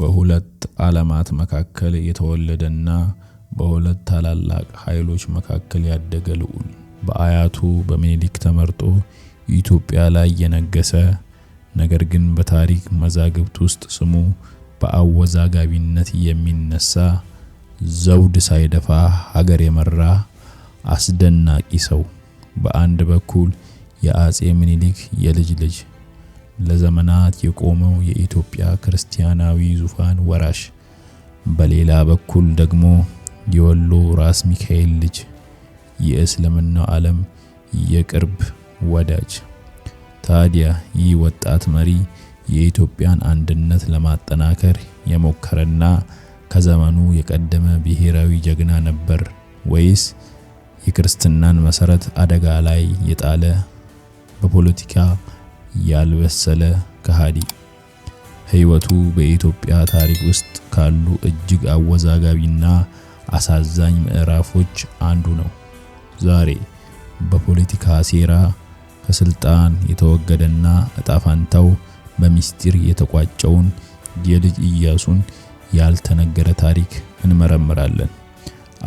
በሁለት ዓለማት መካከል የተወለደና በሁለት ታላላቅ ኃይሎች መካከል ያደገ ልዑል በአያቱ በምኒልክ ተመርጦ ኢትዮጵያ ላይ የነገሰ ነገር ግን በታሪክ መዛግብት ውስጥ ስሙ በአወዛጋቢነት የሚነሳ ዘውድ ሳይደፋ ሀገር የመራ አስደናቂ ሰው። በአንድ በኩል የአጼ ምኒልክ የልጅ ልጅ ለዘመናት የቆመው የኢትዮጵያ ክርስቲያናዊ ዙፋን ወራሽ፣ በሌላ በኩል ደግሞ የወሎ ራስ ሚካኤል ልጅ የእስልምና ዓለም የቅርብ ወዳጅ። ታዲያ ይህ ወጣት መሪ የኢትዮጵያን አንድነት ለማጠናከር የሞከረና ከዘመኑ የቀደመ ብሔራዊ ጀግና ነበር ወይስ የክርስትናን መሰረት አደጋ ላይ የጣለ በፖለቲካ ያልበሰለ ከሃዲ ህይወቱ በኢትዮጵያ ታሪክ ውስጥ ካሉ እጅግ አወዛጋቢና አሳዛኝ ምዕራፎች አንዱ ነው። ዛሬ በፖለቲካ ሴራ ከስልጣን የተወገደና እጣፋንታው በሚስጢር የተቋጨውን የልጅ ኢያሱን ያልተነገረ ታሪክ እንመረምራለን።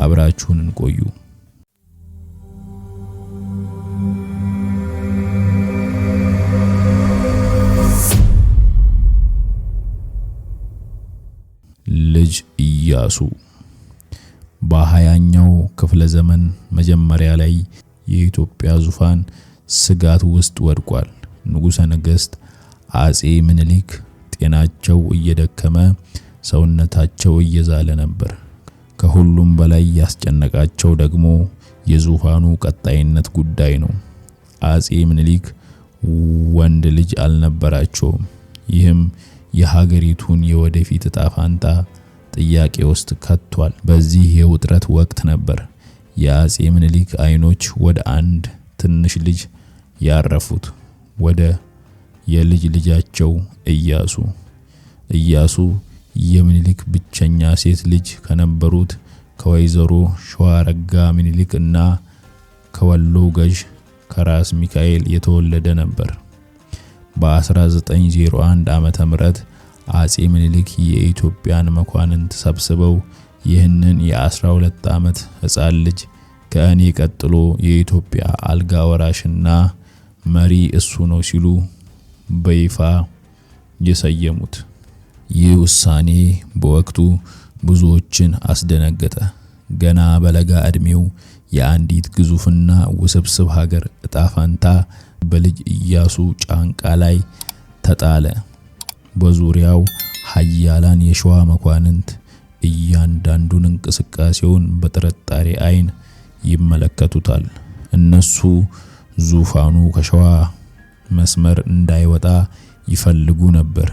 አብራችሁን እንቆዩ። ልጅ ኢያሱ በሃያኛው ክፍለ ዘመን መጀመሪያ ላይ የኢትዮጵያ ዙፋን ስጋት ውስጥ ወድቋል። ንጉሠ ነገሥት አጼ ምኒልክ ጤናቸው እየደከመ ሰውነታቸው እየዛለ ነበር። ከሁሉም በላይ ያስጨነቃቸው ደግሞ የዙፋኑ ቀጣይነት ጉዳይ ነው። አጼ ምኒልክ ወንድ ልጅ አልነበራቸውም። ይህም የሀገሪቱን የወደፊት እጣ ጥያቄ ውስጥ ከቷል። በዚህ የውጥረት ወቅት ነበር የአጼ ምኒልክ አይኖች ወደ አንድ ትንሽ ልጅ ያረፉት፣ ወደ የልጅ ልጃቸው እያሱ። እያሱ የምኒልክ ብቸኛ ሴት ልጅ ከነበሩት ከወይዘሮ ሸዋረጋ ምኒልክ እና ከወሎ ገዥ ከራስ ሚካኤል የተወለደ ነበር። በ1901 ዓመተ አጼ ምኒልክ የኢትዮጵያን መኳንንት ሰብስበው ይህንን የአስራ 12 ዓመት ሕፃን ልጅ ከእኔ ቀጥሎ የኢትዮጵያ አልጋ ወራሽና መሪ እሱ ነው ሲሉ በይፋ የሰየሙት። ይህ ውሳኔ በወቅቱ ብዙዎችን አስደነገጠ። ገና በለጋ ዕድሜው የአንዲት ግዙፍና ውስብስብ ሀገር እጣ በልጅ ኢያሱ ጫንቃ ላይ ተጣለ። በዙሪያው ኃያላን የሸዋ መኳንንት እያንዳንዱን እንቅስቃሴውን በጥርጣሬ አይን ይመለከቱታል። እነሱ ዙፋኑ ከሸዋ መስመር እንዳይወጣ ይፈልጉ ነበር።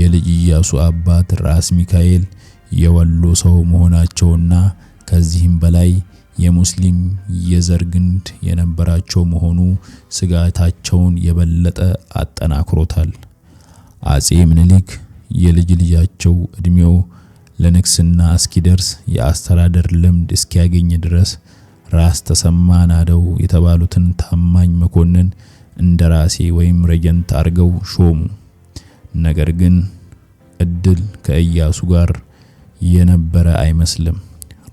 የልጅ ኢያሱ አባት ራስ ሚካኤል የወሎ ሰው መሆናቸውና ከዚህም በላይ የሙስሊም የዘር ግንድ የነበራቸው መሆኑ ስጋታቸውን የበለጠ አጠናክሮታል። አጼ ምኒልክ የልጅ ልጃቸው እድሜው ለንግስና እስኪደርስ የአስተዳደር ልምድ እስኪያገኝ ድረስ ራስ ተሰማ ናደው የተባሉትን ታማኝ መኮንን እንደራሴ ወይም ረጀንት አድርገው ሾሙ። ነገር ግን እድል ከኢያሱ ጋር የነበረ አይመስልም።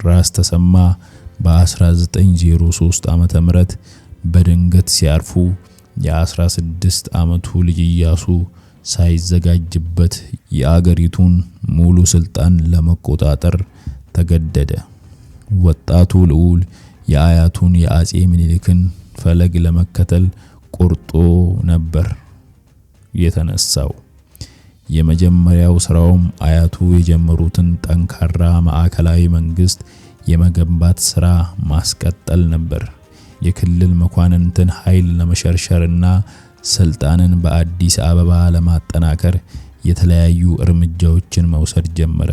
ራስ ተሰማ በ1903 ዓ ም በድንገት ሲያርፉ የ16 ዓመቱ ልጅ ኢያሱ ሳይዘጋጅበት የአገሪቱን ሙሉ ስልጣን ለመቆጣጠር ተገደደ። ወጣቱ ልዑል የአያቱን የአጼ ምኒልክን ፈለግ ለመከተል ቆርጦ ነበር የተነሳው። የመጀመሪያው ስራውም አያቱ የጀመሩትን ጠንካራ ማዕከላዊ መንግስት የመገንባት ስራ ማስቀጠል ነበር። የክልል መኳንንትን ኃይል ለመሸርሸርና ስልጣንን በአዲስ አበባ ለማጠናከር የተለያዩ እርምጃዎችን መውሰድ ጀመረ።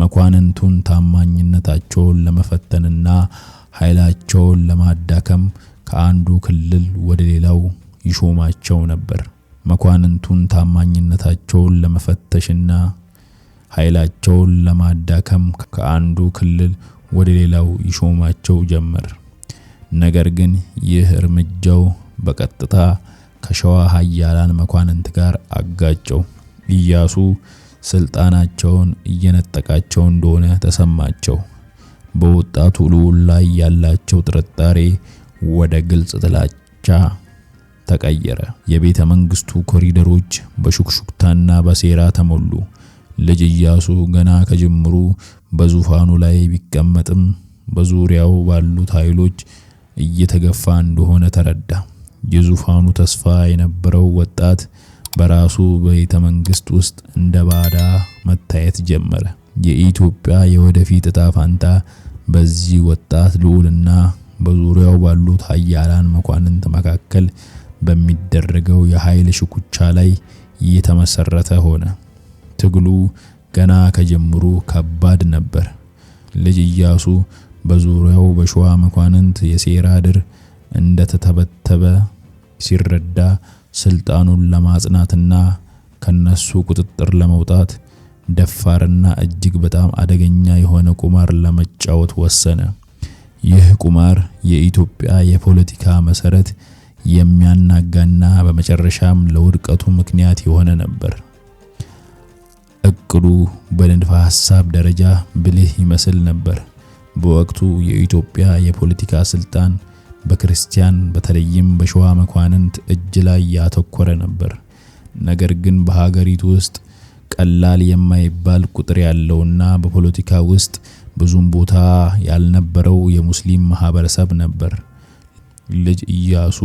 መኳንንቱን ታማኝነታቸውን ለመፈተንና ኃይላቸውን ለማዳከም ከአንዱ ክልል ወደ ሌላው ይሾማቸው ነበር። መኳንንቱን ታማኝነታቸውን ለመፈተሽና ኃይላቸውን ለማዳከም ከአንዱ ክልል ወደ ሌላው ይሾማቸው ጀመር። ነገር ግን ይህ እርምጃው በቀጥታ ከሸዋ ኃያላን መኳንንት ጋር አጋጨው። ኢያሱ ስልጣናቸውን እየነጠቃቸው እንደሆነ ተሰማቸው። በወጣቱ ልዑል ላይ ያላቸው ጥርጣሬ ወደ ግልጽ ጥላቻ ተቀየረ። የቤተ መንግስቱ ኮሪደሮች በሹክሹክታና በሴራ ተሞሉ። ልጅ ኢያሱ ገና ከጅምሩ በዙፋኑ ላይ ቢቀመጥም በዙሪያው ባሉት ኃይሎች እየተገፋ እንደሆነ ተረዳ። የዙፋኑ ተስፋ የነበረው ወጣት በራሱ ቤተ መንግስት ውስጥ እንደ ባዳ መታየት ጀመረ። የኢትዮጵያ የወደፊት እጣ ፋንታ በዚህ ወጣት ልዑልና በዙሪያው ባሉት ኃያላን መኳንንት መካከል በሚደረገው የኃይል ሽኩቻ ላይ የተመሰረተ ሆነ። ትግሉ ገና ከጀምሩ ከባድ ነበር። ልጅ ኢያሱ በዙሪያው በሸዋ መኳንንት የሴራ ድር እንደተተበተበ ሲረዳ ስልጣኑን ለማጽናትና ከነሱ ቁጥጥር ለመውጣት ደፋርና እጅግ በጣም አደገኛ የሆነ ቁማር ለመጫወት ወሰነ። ይህ ቁማር የኢትዮጵያ የፖለቲካ መሰረት የሚያናጋና በመጨረሻም ለውድቀቱ ምክንያት የሆነ ነበር። እቅዱ በንድፈ ሐሳብ ደረጃ ብልህ ይመስል ነበር። በወቅቱ የኢትዮጵያ የፖለቲካ ስልጣን በክርስቲያን በተለይም በሸዋ መኳንንት እጅ ላይ ያተኮረ ነበር። ነገር ግን በሀገሪቱ ውስጥ ቀላል የማይባል ቁጥር ያለውና በፖለቲካ ውስጥ ብዙም ቦታ ያልነበረው የሙስሊም ማህበረሰብ ነበር። ልጅ ኢያሱ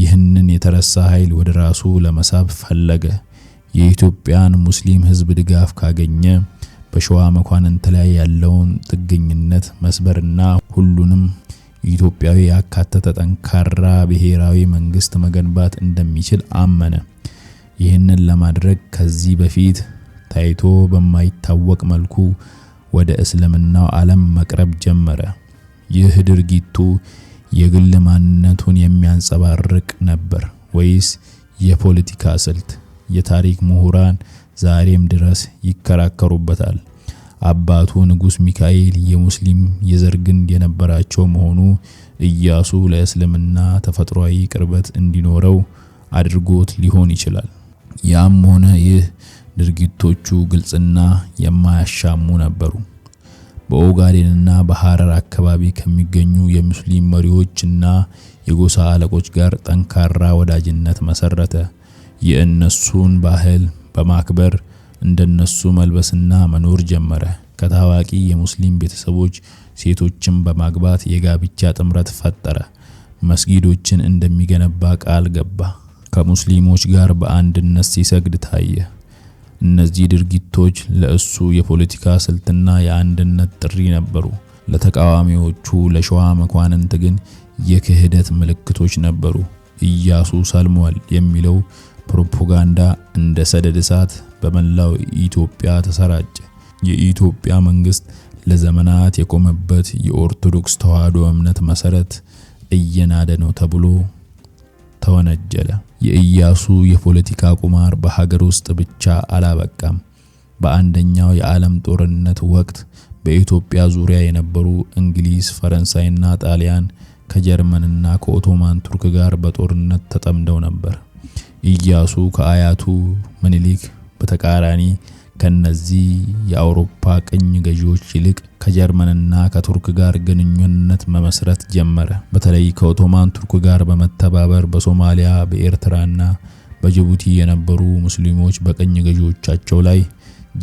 ይህንን የተረሳ ኃይል ወደ ራሱ ለመሳብ ፈለገ። የኢትዮጵያን ሙስሊም ህዝብ ድጋፍ ካገኘ በሸዋ መኳንንት ላይ ያለውን ጥገኝነት መስበርና ሁሉንም ኢትዮጵያዊ ያካተተ ጠንካራ ብሔራዊ መንግስት መገንባት እንደሚችል አመነ። ይህንን ለማድረግ ከዚህ በፊት ታይቶ በማይታወቅ መልኩ ወደ እስልምናው ዓለም መቅረብ ጀመረ። ይህ ድርጊቱ የግል ማንነቱን የሚያንጸባርቅ ነበር ወይስ የፖለቲካ ስልት? የታሪክ ምሁራን ዛሬም ድረስ ይከራከሩበታል። አባቱ ንጉስ ሚካኤል የሙስሊም የዘር ግንድ የነበራቸው መሆኑ ኢያሱ ለእስልምና ተፈጥሯዊ ቅርበት እንዲኖረው አድርጎት ሊሆን ይችላል። ያም ሆነ ይህ ድርጊቶቹ ግልጽና የማያሻሙ ነበሩ። በኦጋዴንና በሐረር አካባቢ ከሚገኙ የሙስሊም መሪዎችና የጎሳ አለቆች ጋር ጠንካራ ወዳጅነት መሰረተ። የእነሱን ባህል በማክበር እንደነሱ መልበስና መኖር ጀመረ። ከታዋቂ የሙስሊም ቤተሰቦች ሴቶችን በማግባት የጋብቻ ጥምረት ፈጠረ። መስጊዶችን እንደሚገነባ ቃል ገባ። ከሙስሊሞች ጋር በአንድነት ሲሰግድ ታየ። እነዚህ ድርጊቶች ለእሱ የፖለቲካ ስልትና የአንድነት ጥሪ ነበሩ። ለተቃዋሚዎቹ ለሸዋ መኳንንት ግን የክህደት ምልክቶች ነበሩ። ኢያሱ ሰልሟል የሚለው ፕሮፓጋንዳ እንደ ሰደድ እሳት በመላው ኢትዮጵያ ተሰራጨ። የኢትዮጵያ መንግስት ለዘመናት የቆመበት የኦርቶዶክስ ተዋሕዶ እምነት መሰረት እየናደ ነው ተብሎ ተወነጀለ። የኢያሱ የፖለቲካ ቁማር በሀገር ውስጥ ብቻ አላበቃም። በአንደኛው የዓለም ጦርነት ወቅት በኢትዮጵያ ዙሪያ የነበሩ እንግሊዝ፣ ፈረንሳይና ጣሊያን ከጀርመንና ከኦቶማን ቱርክ ጋር በጦርነት ተጠምደው ነበር። ኢያሱ ከአያቱ ምኒልክ በተቃራኒ ከነዚህ የአውሮፓ ቅኝ ገዢዎች ይልቅ ከጀርመንና ከቱርክ ጋር ግንኙነት መመስረት ጀመረ። በተለይ ከኦቶማን ቱርክ ጋር በመተባበር በሶማሊያ በኤርትራና በጅቡቲ የነበሩ ሙስሊሞች በቅኝ ገዢዎቻቸው ላይ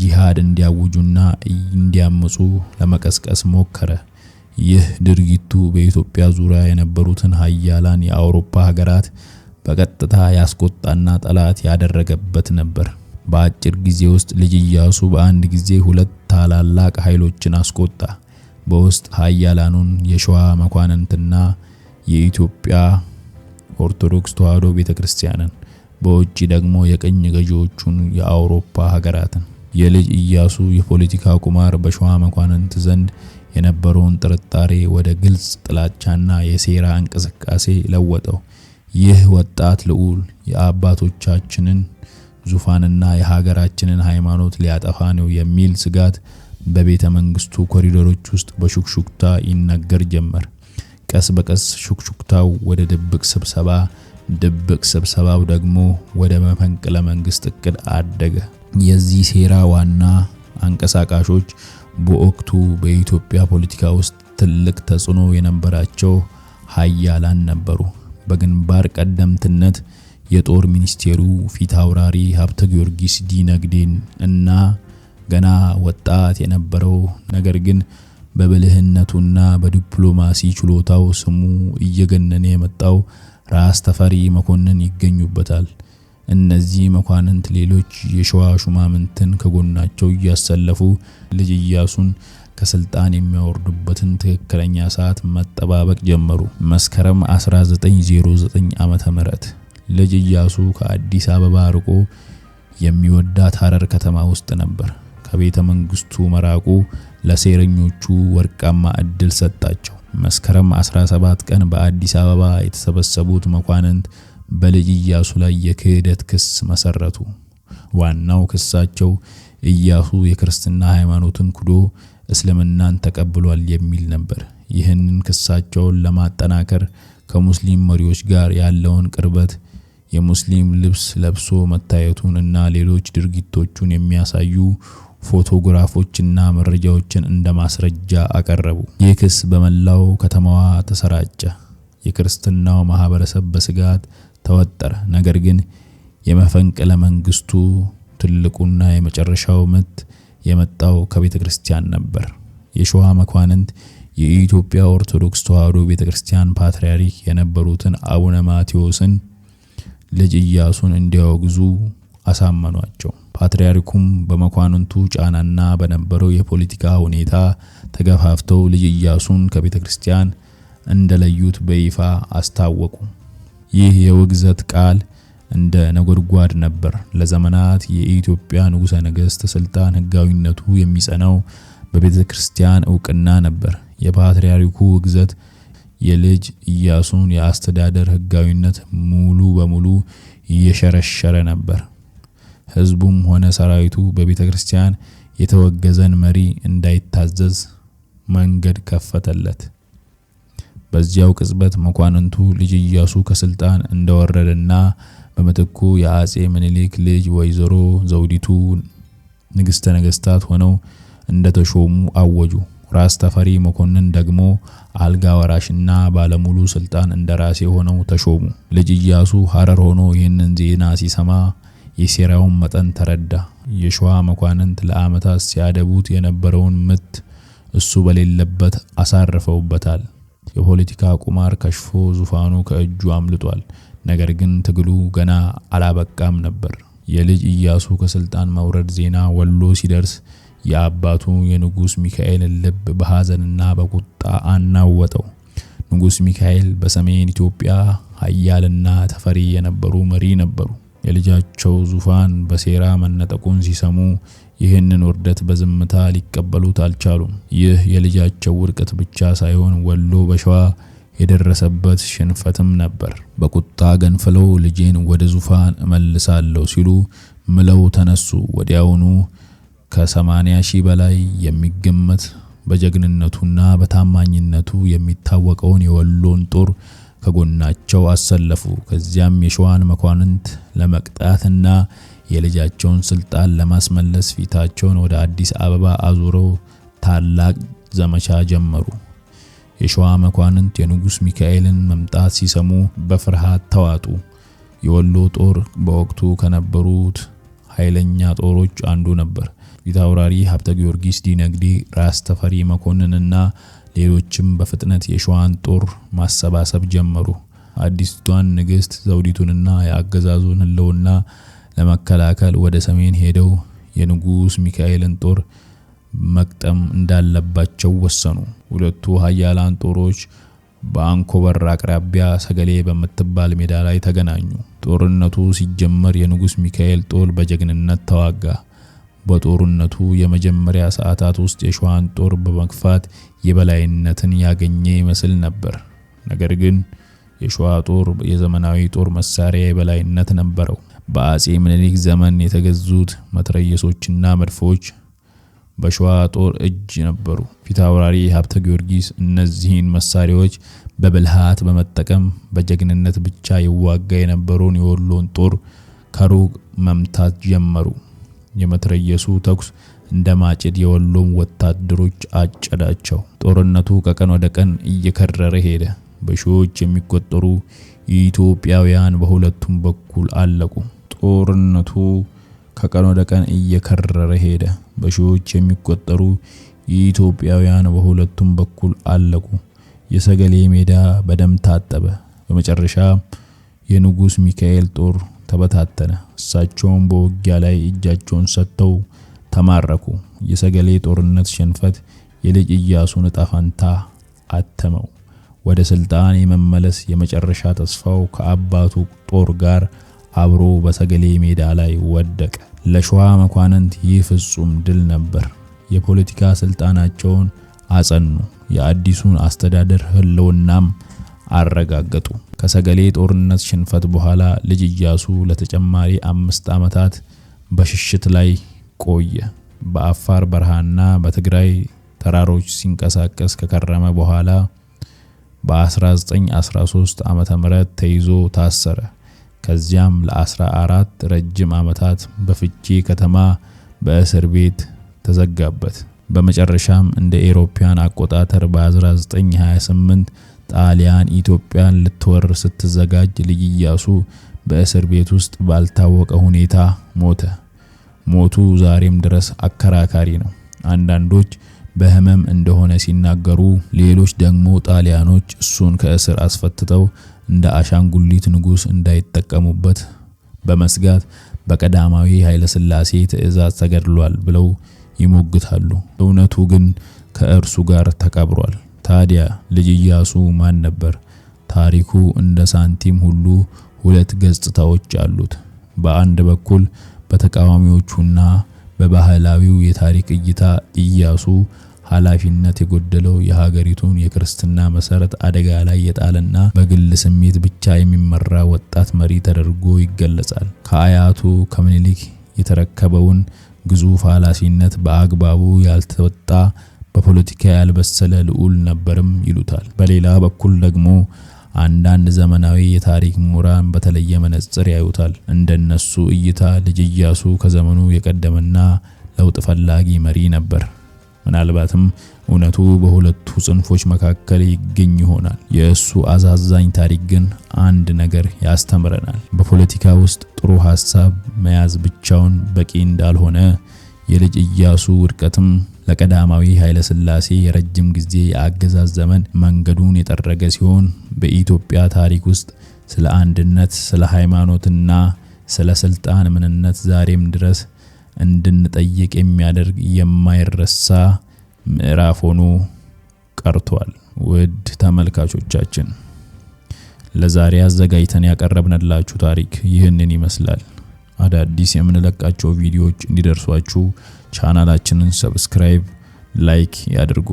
ጂሃድ እንዲያውጁና እንዲያምፁ ለመቀስቀስ ሞከረ። ይህ ድርጊቱ በኢትዮጵያ ዙሪያ የነበሩትን ሀያላን የአውሮፓ ሀገራት በቀጥታ ያስቆጣና ጠላት ያደረገበት ነበር። በአጭር ጊዜ ውስጥ ልጅ ኢያሱ በአንድ ጊዜ ሁለት ታላላቅ ኃይሎችን አስቆጣ። በውስጥ ኃያላኑን የሸዋ መኳንንትና የኢትዮጵያ ኦርቶዶክስ ተዋሕዶ ቤተክርስቲያንን፣ በውጪ ደግሞ የቅኝ ገዢዎቹን የአውሮፓ ሀገራትን። የልጅ ኢያሱ የፖለቲካ ቁማር በሸዋ መኳንንት ዘንድ የነበረውን ጥርጣሬ ወደ ግልጽ ጥላቻና የሴራ እንቅስቃሴ ለወጠው። ይህ ወጣት ልዑል የአባቶቻችንን ዙፋንና የሀገራችንን ሃይማኖት ሊያጠፋ ነው የሚል ስጋት በቤተ መንግስቱ ኮሪደሮች ውስጥ በሹክሹክታ ይነገር ጀመር። ቀስ በቀስ ሹክሹክታው ወደ ድብቅ ስብሰባ፣ ድብቅ ስብሰባው ደግሞ ወደ መፈንቅለ መንግስት እቅድ አደገ። የዚህ ሴራ ዋና አንቀሳቃሾች በወቅቱ በኢትዮጵያ ፖለቲካ ውስጥ ትልቅ ተጽዕኖ የነበራቸው ሀያላን ነበሩ። በግንባር ቀደምትነት የጦር ሚኒስቴሩ ፊት አውራሪ ሀብተ ጊዮርጊስ ዲነግዴን እና ገና ወጣት የነበረው ነገር ግን በብልህነቱና በዲፕሎማሲ ችሎታው ስሙ እየገነነ የመጣው ራስ ተፈሪ መኮንን ይገኙበታል። እነዚህ መኳንንት ሌሎች የሸዋ ሹማምንትን ከጎናቸው እያሰለፉ ልጅ እያሱን ከስልጣን የሚያወርዱበትን ትክክለኛ ሰዓት መጠባበቅ ጀመሩ። መስከረም 1909 ም ልጅ እያሱ ከአዲስ አበባ ርቆ የሚወዳት ሐረር ከተማ ውስጥ ነበር። ከቤተ መንግስቱ መራቁ ለሴረኞቹ ወርቃማ እድል ሰጣቸው። መስከረም 17 ቀን በአዲስ አበባ የተሰበሰቡት መኳንንት በልጅ እያሱ ላይ የክህደት ክስ መሰረቱ። ዋናው ክሳቸው እያሱ የክርስትና ሃይማኖትን ክዶ እስልምናን ተቀብሏል የሚል ነበር። ይህንን ክሳቸውን ለማጠናከር ከሙስሊም መሪዎች ጋር ያለውን ቅርበት የሙስሊም ልብስ ለብሶ መታየቱን እና ሌሎች ድርጊቶቹን የሚያሳዩ ፎቶግራፎችና መረጃዎችን እንደ ማስረጃ አቀረቡ። ይህ ክስ በመላው ከተማዋ ተሰራጨ። የክርስትናው ማህበረሰብ በስጋት ተወጠረ። ነገር ግን የመፈንቅለ መንግስቱ ትልቁና የመጨረሻው ምት የመጣው ከቤተ ክርስቲያን ነበር። የሸዋ መኳንንት የኢትዮጵያ ኦርቶዶክስ ተዋሕዶ ቤተ ክርስቲያን ፓትርያርክ የነበሩትን አቡነ ማቴዎስን ልጅ ኢያሱን እንዲያወግዙ አሳመኗቸው። ፓትርያርኩም በመኳንንቱ ጫናና በነበረው የፖለቲካ ሁኔታ ተገፋፍተው ልጅ ኢያሱን ከቤተ ክርስቲያን እንደለዩት በይፋ አስታወቁ። ይህ የውግዘት ቃል እንደ ነጎድጓድ ነበር። ለዘመናት የኢትዮጵያ ንጉሠ ነገሥት ሥልጣን ሕጋዊነቱ የሚጸናው በቤተ ክርስቲያን እውቅና ነበር። የፓትርያርኩ ውግዘት የልጅ ኢያሱን የአስተዳደር ህጋዊነት ሙሉ በሙሉ እየሸረሸረ ነበር። ሕዝቡም ሆነ ሰራዊቱ በቤተ ክርስቲያን የተወገዘን መሪ እንዳይታዘዝ መንገድ ከፈተለት። በዚያው ቅጽበት መኳንንቱ ልጅ ኢያሱ ከስልጣን እንደወረደና በምትኩ የአጼ ምኒልክ ልጅ ወይዘሮ ዘውዲቱ ንግስተ ነገስታት ሆነው እንደተሾሙ አወጁ። ራስ ተፈሪ መኮንን ደግሞ አልጋ ወራሽና ባለሙሉ ስልጣን እንደራሴ ሆነው ተሾሙ። ልጅ እያሱ ሐረር ሆኖ ይህንን ዜና ሲሰማ የሴራውን መጠን ተረዳ። የሸዋ መኳንንት ለዓመታት ሲያደቡት የነበረውን ምት እሱ በሌለበት አሳርፈውበታል። የፖለቲካ ቁማር ከሽፎ ዙፋኑ ከእጁ አምልጧል። ነገር ግን ትግሉ ገና አላበቃም ነበር። የልጅ እያሱ ከስልጣን መውረድ ዜና ወሎ ሲደርስ የአባቱ የንጉሥ ሚካኤልን ልብ በሐዘንና በቁጣ አናወጠው። ንጉሥ ሚካኤል በሰሜን ኢትዮጵያ ኃያልና ተፈሪ የነበሩ መሪ ነበሩ። የልጃቸው ዙፋን በሴራ መነጠቁን ሲሰሙ ይህንን ውርደት በዝምታ ሊቀበሉት አልቻሉም። ይህ የልጃቸው ውድቀት ብቻ ሳይሆን ወሎ በሸዋ የደረሰበት ሽንፈትም ነበር። በቁጣ ገንፍለው ልጄን ወደ ዙፋን እመልሳለሁ ሲሉ ምለው ተነሱ። ወዲያውኑ ከ ሺህ በላይ የሚገመት በጀግንነቱና በታማኝነቱ የሚታወቀውን የወሎን ጦር ከጎናቸው አሰለፉ። ከዚያም የሸዋን መኳንንት ለመቅጣትና የልጃቸውን ስልጣን ለማስመለስ ፊታቸውን ወደ አዲስ አበባ አዙረው ታላቅ ዘመቻ ጀመሩ። የሸዋ መኳንንት የንጉሥ ሚካኤልን መምጣት ሲሰሙ በፍርሃት ተዋጡ። የወሎ ጦር በወቅቱ ከነበሩት ኃይለኛ ጦሮች አንዱ ነበር። ፊት አውራሪ ሀብተ ጊዮርጊስ ዲነግዲ፣ ራስ ተፈሪ መኮንንና ሌሎችም በፍጥነት የሸዋን ጦር ማሰባሰብ ጀመሩ። አዲስቷን ንግስት ዘውዲቱንና የአገዛዙን ህልውና ለመከላከል ወደ ሰሜን ሄደው የንጉስ ሚካኤልን ጦር መቅጠም እንዳለባቸው ወሰኑ። ሁለቱ ሀያላን ጦሮች በአንኮበር አቅራቢያ ሰገሌ በምትባል ሜዳ ላይ ተገናኙ። ጦርነቱ ሲጀመር የንጉስ ሚካኤል ጦር በጀግንነት ተዋጋ። በጦርነቱ የመጀመሪያ ሰዓታት ውስጥ የሸዋን ጦር በመግፋት የበላይነትን ያገኘ ይመስል ነበር። ነገር ግን የሸዋ ጦር የዘመናዊ ጦር መሳሪያ የበላይነት ነበረው። በአጼ ምኒልክ ዘመን የተገዙት መትረየሶችና መድፎች በሸዋ ጦር እጅ ነበሩ። ፊታውራሪ ሀብተ ጊዮርጊስ እነዚህን መሳሪያዎች በብልሃት በመጠቀም በጀግንነት ብቻ ይዋጋ የነበረውን የወሎን ጦር ከሩቅ መምታት ጀመሩ። የመትረየሱ ተኩስ እንደ ማጭድ የወሎም ወታደሮች አጨዳቸው። ጦርነቱ ከቀን ወደ ቀን እየከረረ ሄደ። በሺዎች የሚቆጠሩ ኢትዮጵያውያን በሁለቱም በኩል አለቁ። ጦርነቱ ከቀን ወደ ቀን እየከረረ ሄደ። በሺዎች የሚቆጠሩ ኢትዮጵያውያን በሁለቱም በኩል አለቁ። የሰገሌ ሜዳ በደም ታጠበ። በመጨረሻ የንጉስ ሚካኤል ጦር ተበታተነ። እሳቸውም በውጊያ ላይ እጃቸውን ሰጥተው ተማረኩ። የሰገሌ ጦርነት ሽንፈት የልጅ እያሱን እጣ ፈንታ አተመው። ወደ ስልጣን የመመለስ የመጨረሻ ተስፋው ከአባቱ ጦር ጋር አብሮ በሰገሌ ሜዳ ላይ ወደቀ። ለሸዋ መኳንንት ይህ ፍጹም ድል ነበር። የፖለቲካ ስልጣናቸውን አጸኑ፣ የአዲሱን አስተዳደር ህልውናም አረጋገጡ። ከሰገሌ ጦርነት ሽንፈት በኋላ ልጅ እያሱ ለተጨማሪ አምስት ዓመታት በሽሽት ላይ ቆየ። በአፋር በረሃና በትግራይ ተራሮች ሲንቀሳቀስ ከከረመ በኋላ በ1913 ዓ ም ተይዞ ታሰረ። ከዚያም ለ14 ረጅም ዓመታት በፍቼ ከተማ በእስር ቤት ተዘጋበት። በመጨረሻም እንደ ኤሮፓያን አቆጣጠር በ1928 ጣሊያን ኢትዮጵያን ልትወር ስትዘጋጅ ልጅ ኢያሱ በእስር ቤት ውስጥ ባልታወቀ ሁኔታ ሞተ። ሞቱ ዛሬም ድረስ አከራካሪ ነው። አንዳንዶች በህመም እንደሆነ ሲናገሩ፣ ሌሎች ደግሞ ጣሊያኖች እሱን ከእስር አስፈትተው እንደ አሻንጉሊት ንጉሥ እንዳይጠቀሙበት በመስጋት በቀዳማዊ ኃይለሥላሴ ትእዛዝ ተገድሏል ብለው ይሞግታሉ። እውነቱ ግን ከእርሱ ጋር ተቀብሯል። ታዲያ ልጅ ኢያሱ ማን ነበር? ታሪኩ እንደ ሳንቲም ሁሉ ሁለት ገጽታዎች አሉት። በአንድ በኩል በተቃዋሚዎቹና በባህላዊው የታሪክ እይታ ኢያሱ ኃላፊነት የጎደለው የሀገሪቱን የክርስትና መሰረት አደጋ ላይ የጣለና በግል ስሜት ብቻ የሚመራ ወጣት መሪ ተደርጎ ይገለጻል። ከአያቱ ከምኒልክ የተረከበውን ግዙፍ ኃላፊነት በአግባቡ ያልተወጣ በፖለቲካ ያልበሰለ ልዑል ነበርም ይሉታል። በሌላ በኩል ደግሞ አንዳንድ ዘመናዊ የታሪክ ምሁራን በተለየ መነጽር ያዩታል። እንደነሱ እይታ ልጅ ኢያሱ ከዘመኑ የቀደመና ለውጥ ፈላጊ መሪ ነበር። ምናልባትም እውነቱ በሁለቱ ጽንፎች መካከል ይገኝ ይሆናል። የእሱ አሳዛኝ ታሪክ ግን አንድ ነገር ያስተምረናል። በፖለቲካ ውስጥ ጥሩ ሀሳብ መያዝ ብቻውን በቂ እንዳልሆነ፣ የልጅ ኢያሱ ውድቀትም ለቀዳማዊ ኃይለሥላሴ የረጅም ጊዜ የአገዛዝ ዘመን መንገዱን የጠረገ ሲሆን በኢትዮጵያ ታሪክ ውስጥ ስለ አንድነት፣ ስለ ሃይማኖትና ስለ ስልጣን ምንነት ዛሬም ድረስ እንድንጠይቅ የሚያደርግ የማይረሳ ምዕራፍ ሆኖ ቀርቷል። ውድ ተመልካቾቻችን ለዛሬ አዘጋጅተን ያቀረብንላችሁ ታሪክ ይህንን ይመስላል። አዳዲስ የምንለቃቸው ቪዲዮዎች እንዲደርሷችሁ ቻናላችንን ሰብስክራይብ፣ ላይክ ያድርጉ።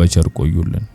በቸር ቆዩልን።